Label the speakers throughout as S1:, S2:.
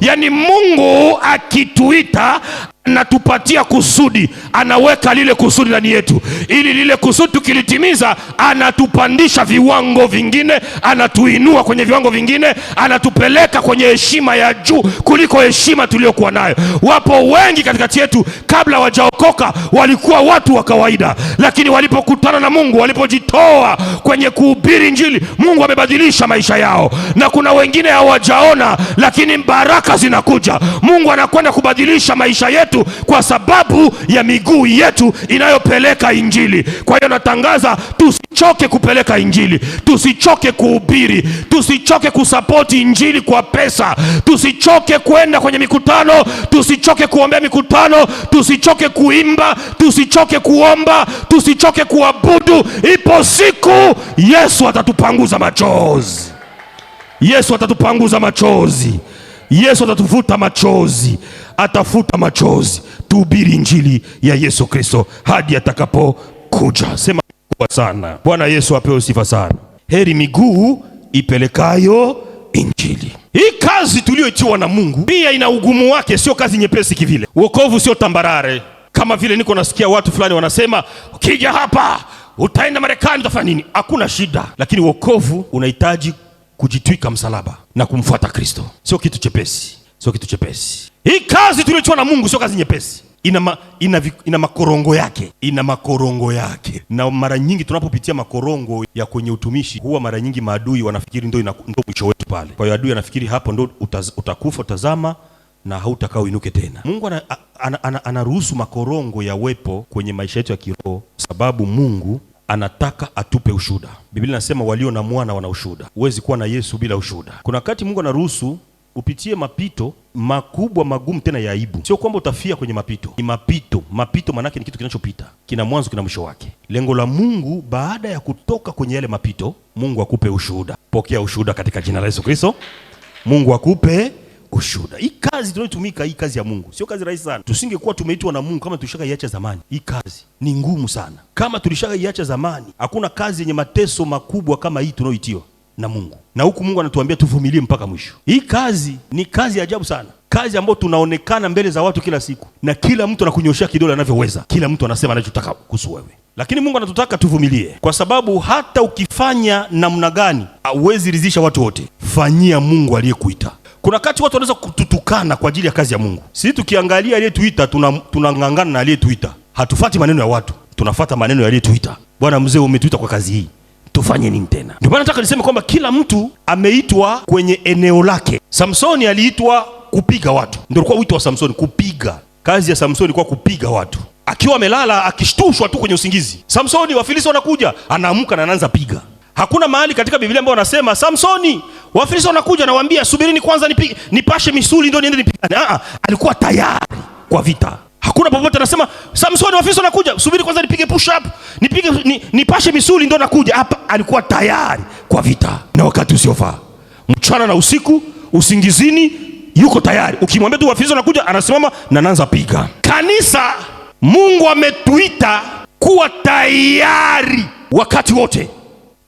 S1: Yaani Mungu akituita anatupatia kusudi, anaweka lile kusudi ndani yetu, ili lile kusudi tukilitimiza, anatupandisha viwango vingine, anatuinua kwenye viwango vingine, anatupeleka kwenye heshima ya juu kuliko heshima tuliyokuwa nayo. Wapo wengi katikati yetu, kabla wajaokoka walikuwa watu wa kawaida, lakini walipokutana na Mungu, walipojitoa kwenye kuhubiri Injili, Mungu amebadilisha maisha yao, na kuna wengine hawajaona, lakini baraka zinakuja. Mungu anakwenda kubadilisha maisha yetu yetu kwa sababu ya miguu yetu inayopeleka Injili. Kwa hiyo natangaza, tusichoke kupeleka Injili, tusichoke kuhubiri, tusichoke kusapoti Injili kwa pesa, tusichoke kwenda kwenye mikutano, tusichoke kuombea mikutano, tusichoke kuimba, tusichoke kuomba, tusichoke kuabudu. Ipo siku Yesu atatupanguza machozi. Yesu atatupanguza machozi. Yesu atatufuta machozi, atafuta machozi. Tuhubiri injili ya Yesu Kristo hadi atakapokuja. Sema kubwa sana. Bwana Yesu apewe sifa sana. Heri miguu ipelekayo injili. Hii kazi tuliyoitiwa na Mungu pia ina ugumu wake, sio kazi nyepesi kivile. Wokovu sio tambarare, kama vile niko nasikia watu fulani wanasema, ukija hapa utaenda Marekani utafanya nini? Hakuna shida, lakini wokovu unahitaji kujitwika msalaba na kumfuata Kristo sio kitu chepesi, sio kitu chepesi. Hii kazi tuliochwa na Mungu sio kazi nyepesi, ina, ma, ina, ina makorongo yake, ina makorongo yake. Na mara nyingi tunapopitia makorongo ya kwenye utumishi, huwa mara nyingi maadui wanafikiri ndo mwisho wetu pale. Kwa hiyo adui anafikiri hapo ndo utaz, utakufa utazama na hautakaa uinuke tena. Mungu anaruhusu ana, ana, ana, ana makorongo yawepo kwenye maisha yetu ya kiroho, sababu Mungu anataka atupe ushuda. Biblia inasema walio na mwana wana ushuda. Huwezi kuwa na Yesu bila ushuda. Kuna wakati Mungu anaruhusu upitie mapito makubwa magumu tena ya aibu. Sio kwamba utafia kwenye mapito, ni mapito. Mapito maanake ni kitu kinachopita, kina mwanzo, kina mwisho wake. Lengo la Mungu baada ya kutoka kwenye yale mapito, Mungu akupe ushuhuda. Pokea ushuhuda katika jina la Yesu Kristo. Mungu akupe ushuda. Hii kazi tunayotumika, hii kazi ya Mungu sio kazi rahisi sana. Tusingekuwa tumeitwa na Mungu kama iacha zamani. Hii kazi ni ngumu sana. Kama tulishaka iacha zamani, hakuna kazi yenye mateso makubwa kama hii tunayoitiwa na Mungu, na huku Mungu anatuambia tuvumilie mpaka mwisho. Hii kazi ni kazi ya ajabu sana, kazi ambayo tunaonekana mbele za watu kila siku, na kila mtu anakunyoshea kidole anavyoweza, kila mtu anasema anachotaka kuhusu wewe, lakini Mungu anatutaka tuvumilie, kwa sababu hata ukifanya namna gani, hauwezi ridhisha watu wote. Fanyia Mungu aliyekuita. Kuna wakati watu wanaweza kututukana kwa ajili ya kazi ya Mungu. Sisi tukiangalia aliyetuita tunang'ang'ana na aliyetuita. Hatufati maneno ya watu, tunafata maneno ya aliyetuita. Bwana mzee, umetuita kwa kazi hii, tufanye nini tena? Ndio maana nataka niseme kwamba kila mtu ameitwa kwenye eneo lake. Samsoni aliitwa kupiga watu, ndio ulikuwa wito wa Samsoni, kupiga. Kazi ya Samsoni ilikuwa kupiga watu akiwa amelala akishtushwa tu kwenye usingizi. Samsoni, Wafilisti wanakuja, anaamka na anaanza piga. Hakuna mahali katika Biblia ambayo wanasema Samsoni Wafilisti wanakuja, anawaambia subirini kwanza nipi, nipashe misuli ndio niende nipigane. Ah, alikuwa tayari kwa vita. Hakuna popote anasema Samson, Wafilisti wanakuja, subiri kwanza nipige push up, nipige ni, nipashe misuli ndio nakuja. Hapa alikuwa tayari kwa vita na wakati usiofaa, mchana na usiku, usingizini, yuko tayari. Ukimwambia tu Wafilisti wanakuja, anasimama na nanza piga. Kanisa, Mungu ametuita kuwa tayari wakati wote.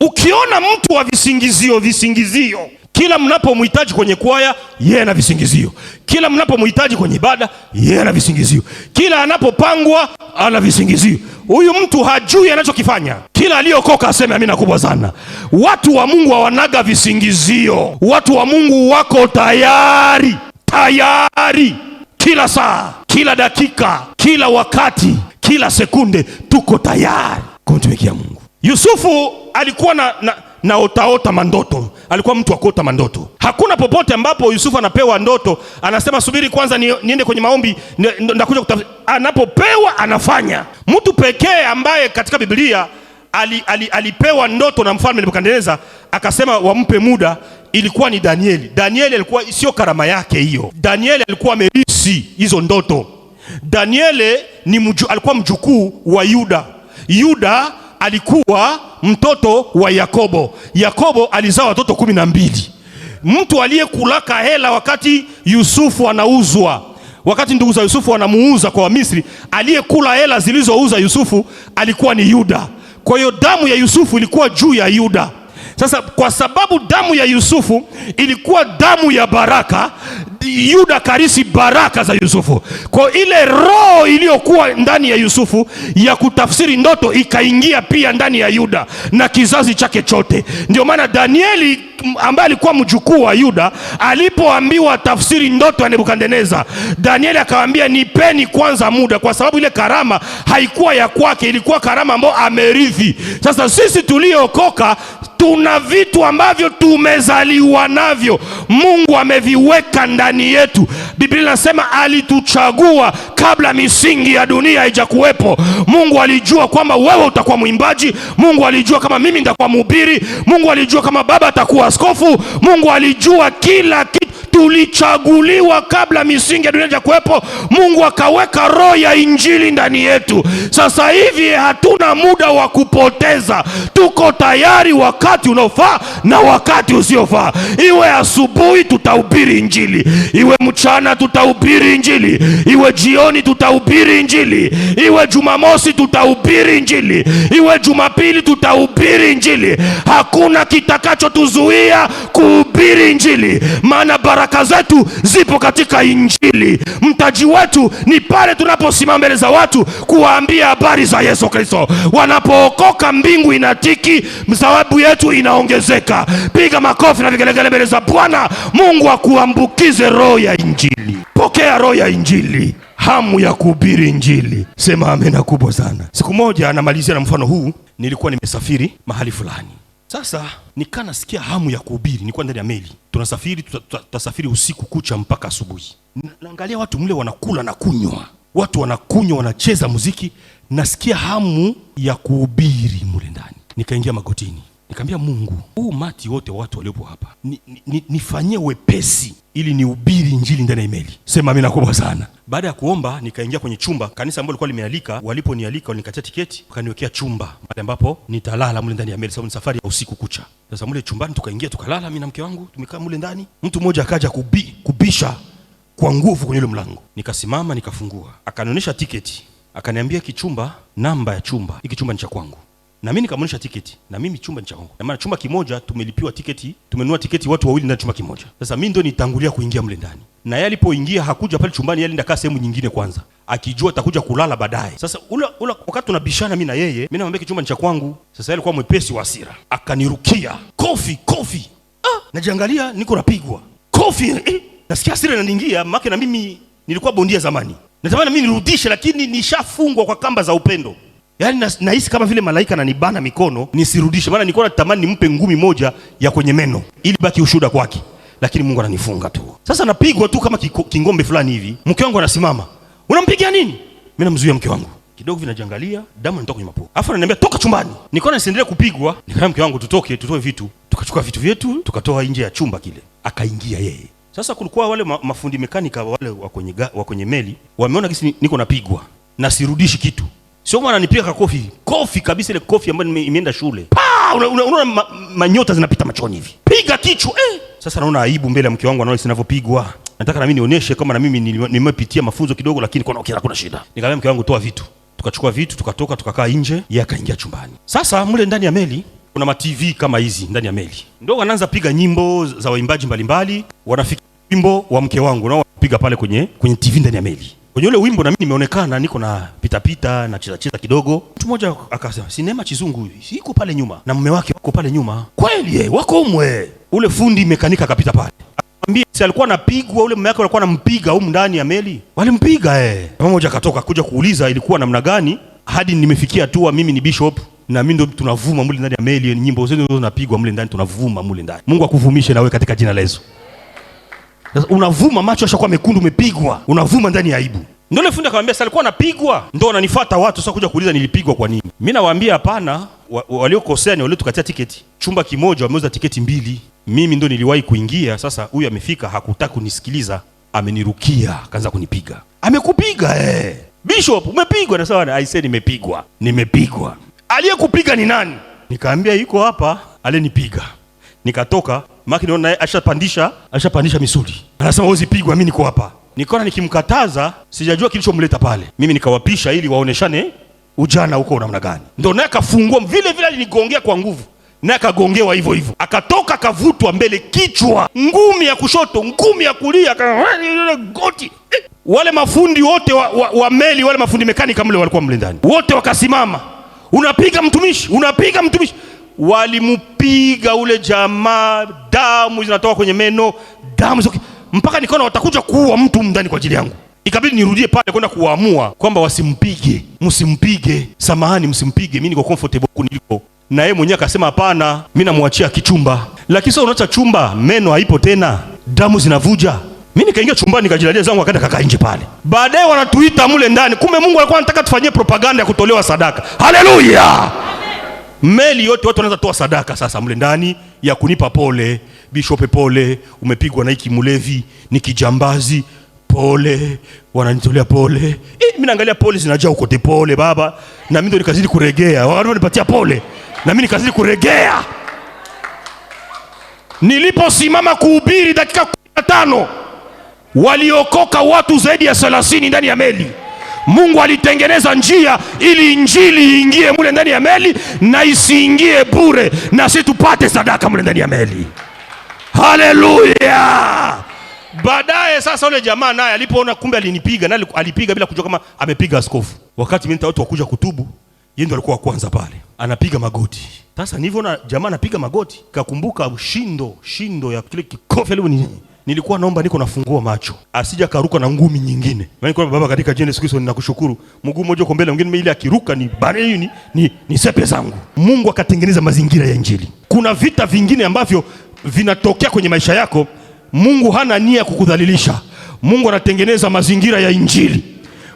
S1: Ukiona mtu wa visingizio visingizio kila mnapomhitaji kwenye kwaya, yeye ana visingizio. Kila mnapomhitaji kwenye ibada, yeye ana visingizio. Kila anapopangwa ana visingizio. Huyu mtu hajui anachokifanya. Kila aliyokoka aseme amina kubwa sana. Watu wa Mungu hawanaga visingizio. Watu wa Mungu wako tayari, tayari kila saa, kila dakika, kila wakati, kila sekunde, tuko tayari kumtumikia Mungu. Yusufu alikuwa na, na na utaota mandoto. Alikuwa mtu wa kuota mandoto. Hakuna popote ambapo Yusufu anapewa ndoto anasema subiri kwanza niende kwenye maombi ndakuja kutafsiri. Anapopewa anafanya. Mtu pekee ambaye katika Biblia ali, ali, alipewa ndoto na mfalme Nebukadneza akasema wampe muda, ilikuwa ni Danieli. Danieli alikuwa sio karama yake hiyo. Danieli alikuwa amerisi hizo ndoto. Danieli ni mju, alikuwa mjukuu wa Yuda. Yuda alikuwa mtoto wa Yakobo. Yakobo alizaa watoto kumi na mbili. Mtu aliyekulaka hela wakati Yusufu anauzwa, wakati ndugu za Yusufu wanamuuza kwa Wamisri, aliyekula hela zilizouza Yusufu alikuwa ni Yuda. Kwa hiyo damu ya Yusufu ilikuwa juu ya Yuda. Sasa kwa sababu damu ya Yusufu ilikuwa damu ya baraka, Yuda karisi baraka za Yusufu. Kwa ile roho iliyokuwa ndani ya Yusufu ya kutafsiri ndoto ikaingia pia ndani ya Yuda na kizazi chake chote. Ndio maana Danieli ambaye alikuwa mjukuu wa Yuda alipoambiwa tafsiri ndoto ya Nebukadneza, Danieli akamwambia nipeni kwanza muda, kwa sababu ile karama haikuwa ya kwake, ilikuwa karama ambayo amerithi. Sasa sisi tuliokoka tuna vitu ambavyo tumezaliwa navyo, Mungu ameviweka ndani yetu. Biblia inasema alituchagua kabla misingi ya dunia haijakuwepo. Mungu alijua kwamba wewe utakuwa mwimbaji. Mungu alijua kama mimi nitakuwa mhubiri. Mungu alijua kama baba atakuwa askofu. Mungu alijua kila kitu tulichaguliwa kabla misingi ya dunia ja kuwepo, Mungu akaweka roho ya injili ndani yetu. Sasa hivi hatuna muda wa kupoteza, tuko tayari wakati unaofaa na wakati usiofaa. Iwe asubuhi tutahubiri injili, iwe mchana tutahubiri injili, iwe jioni tutahubiri injili, iwe Jumamosi tutahubiri injili, iwe Jumapili tutahubiri injili. Hakuna kitakachotuzuia kuhubiri injili, maana baraka baraka zetu zipo katika Injili. Mtaji wetu ni pale tunaposimama mbele za watu kuwaambia habari za Yesu Kristo. Wanapookoka, mbingu inatiki, thawabu yetu inaongezeka. Piga makofi na vigelegele mbele za Bwana. Mungu akuambukize roho ya Injili. Pokea roho ya Injili, hamu ya kuhubiri Injili. Sema amena kubwa sana. Siku moja, namalizia na mfano huu. Nilikuwa nimesafiri mahali fulani sasa nikaa nasikia hamu ya kuhubiri, nilikuwa ndani ya meli, tunasafiri tutasafiri usiku kucha mpaka asubuhi. Naangalia watu mle wanakula na kunywa, watu wanakunywa, wanacheza muziki, nasikia hamu ya kuhubiri mule ndani. Nikaingia magotini, nikaambia Mungu, huu mati wote watu waliopo hapa nifanyie ni, ni wepesi ili nihubiri injili ndani ya Imeli. Sema amina kubwa sana. Baada ya kuomba, nikaingia kwenye chumba kanisa ambalo likuwa limealika. Waliponialika walinikatia tiketi, wakaniwekea chumba mahali ambapo nitalala mule ndani ya meli, sababu ni safari ya usiku kucha. Sasa mule chumbani tukaingia, tukalala, mimi na mke wangu tumekaa mule ndani. Mtu mmoja akaja kubi, kubisha kwa nguvu kwenye ule mlango, nikasimama, nikafungua, akanionyesha tiketi, akaniambia kichumba, namba ya chumba hiki, chumba ni cha kwangu na mimi nikamwonyesha tiketi, na mimi chumba ni cha changu, na maana chumba kimoja tumelipiwa tiketi, tumenunua tiketi watu wawili ndani chumba kimoja. Sasa mimi ndo nitangulia kuingia mle ndani, na yeye alipoingia hakuja pale chumbani, yeye ndakaa sehemu nyingine kwanza, akijua atakuja kulala baadaye. Sasa ula, ula wakati tunabishana mimi na yeye, mimi namwambia chumba ni cha kwangu. Sasa yeye alikuwa mwepesi wa hasira, akanirukia kofi kofi. Ah, najiangalia niko napigwa kofi eh, eh. nasikia hasira inaniingia, maana na mimi nilikuwa bondia zamani, natamani mimi nirudishe, lakini nishafungwa kwa kamba za upendo. Yaani nahisi kama vile malaika ananibana mikono nisirudishe, maana nilikuwa natamani nimpe ngumi moja ya kwenye meno ili baki ushuda kwake, lakini Mungu ananifunga tu. Sasa napigwa tu kama kingombe fulani hivi, mke wangu anasimama, unampigia nini? Mimi namzuia mke wangu kidogo vinajiangalia, damu inatoka kwenye mapua, alafu ananiambia toka chumbani. Nikaona nisiendelee kupigwa, nikaambia mke wangu tutoke, tutoe vitu. Tukachukua vitu vyetu tukatoa nje ya chumba kile, akaingia yeye. Sasa kulikuwa wale ma mafundi mekanika wale wa kwenye, wa kwenye meli wameona kisi niko napigwa na sirudishi kitu Sio mwana nipiga kwa kofi. Kofi kabisa ile kofi ambayo imeenda shule. Pa! Unaona una, una, ma, manyota zinapita machoni hivi. Piga kichwa eh. Sasa naona aibu mbele ya mke wangu anaona sinavyopigwa. Nataka na mimi nionyeshe kama na mimi nimepitia mafunzo kidogo lakini kuna okay, kuna shida. Nikamwambia mke wangu toa vitu. Tukachukua vitu tukatoka tukakaa nje, yeye akaingia chumbani. Sasa mle ndani ya meli kuna ma TV kama hizi ndani ya meli. Ndio anaanza piga nyimbo za waimbaji mbalimbali, wanafikia wimbo wa mke wangu nao piga pale kwenye kwenye TV ndani ya meli. Kwenye ule wimbo na mimi nimeonekana niko na pita pita na cheza cheza kidogo. Mtu mmoja akasema sinema Chizungu iko pale nyuma na mume wake wako pale nyuma. Kweli eh, wako umwe. Ule fundi mekanika akapita pale. Akamwambia si alikuwa anapigwa ule mume wake alikuwa anampiga huko ndani ya meli. Walimpiga eh. Mama mmoja akatoka kuja kuuliza ilikuwa namna gani hadi nimefikia hatua mimi ni bishop na mimi ndo tunavuma mule ndani ya meli, nyimbo zenu zinapigwa mule ndani tunavuma mule ndani. Mungu akuvumishe na wewe katika jina la Yesu. Unavuma, macho yashakuwa mekundu, umepigwa, unavuma ndani ya aibu. Ndio ile fundi akamwambia, salikuwa anapigwa, ndio ananifuata watu sasa kuja kuuliza nilipigwa kwa nini. Mimi nawaambia hapana, waliokosea ni waliotukatia tiketi. Chumba kimoja wameuza tiketi mbili, mimi ndio niliwahi kuingia. Sasa huyu amefika, hakutaka kunisikiliza, amenirukia, akaanza kunipiga. Amekupiga eh? Bishop, umepigwa? Nasema aisee, nimepigwa, nimepigwa. Aliyekupiga ni nani? Nikaambia yuko hapa, alenipiga. Nikatoka maki ndio naye ashapandisha ashapandisha misuli, anasema wewe usipigwe, mimi niko hapa. Nikaona nikimkataza, sijajua kilichomleta pale, mimi nikawapisha ili waoneshane ujana huko namna gani. Ndio naye akafungua vile vile, alinigongea kwa nguvu naye akagongewa hivyo hivyo, akatoka akavutwa mbele, kichwa, ngumi ya kushoto, ngumi ya kulia, goti. Eh, wale mafundi wote wa, wa, wa meli wale mafundi mekanika mle walikuwa mle ndani wote, wakasimama. Unapiga mtumishi, unapiga mtumishi walimpiga ule jamaa, damu zinatoka kwenye meno, damu zoki, mpaka nikaona watakuja kuua mtu ndani kwa ajili yangu. Ikabidi nirudie pale kwenda kuwaamua kwamba wasimpige, msimpige, samahani, msimpige, mimi niko comfortable kuliko na yeye mwenyewe akasema hapana, mimi namwachia kichumba. Lakini sasa unaacha chumba, meno haipo tena, damu zinavuja. Mimi nikaingia chumbani nikajilalia zangu, akaenda kakaa nje pale. Baadaye wanatuita mule ndani, kumbe Mungu alikuwa anataka tufanyie propaganda ya kutolewa sadaka. Haleluya! meli yote watu wanaweza toa sadaka sasa mle ndani ya kunipa pole, Bishop, pole, umepigwa na hiki mlevi, ni kijambazi, pole, wananitolea pole. Eh, mimi naangalia pole zinajaa ukote, pole baba, na mimi ndo nikazidi kuregea, wao wanipatia pole na mimi nikazidi kuregea. Niliposimama kuhubiri dakika 15 waliokoka watu zaidi ya 30 ndani ya meli. Mungu alitengeneza njia ili injili iingie mule ndani ya meli na isiingie bure, na si tupate sadaka mule ndani ya meli. Haleluya! Baadaye sasa ule jamaa naye alipoona kumbe alinipiga, na alipiga bila kujua kama amepiga askofu. Wakati mimi watu wakuja kutubu, yeye ndo alikuwa wa kwanza pale, anapiga magoti. Sasa nilivyoona jamaa anapiga magoti, kakumbuka shindo shindo ya kile kikofi alivyo nini nilikuwa naomba niko nafungua macho asija karuka na ngumi nyingine. Maana kwa Baba katika jina Yesu Kristo ninakushukuru, mguu mmoja uko mbele, mwingine ile akiruka ni bareni ni, ni, ni sepe zangu. Mungu akatengeneza mazingira ya Injili. Kuna vita vingine ambavyo vinatokea kwenye maisha yako, Mungu hana nia kukudhalilisha. Mungu anatengeneza mazingira ya Injili.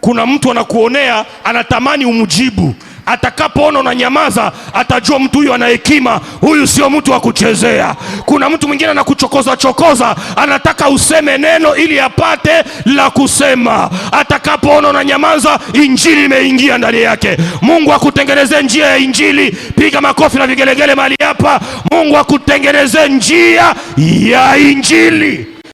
S1: Kuna mtu anakuonea, anatamani umjibu Atakapoona unanyamaza, atajua mtu huyu ana hekima, huyu sio mtu wa kuchezea. Kuna mtu mwingine anakuchokoza chokoza, anataka useme neno ili apate la kusema. Atakapoona unanyamaza, injili imeingia ndani yake. Mungu akutengenezee njia ya injili. Piga makofi na vigelegele mahali hapa. Mungu akutengenezee njia ya injili.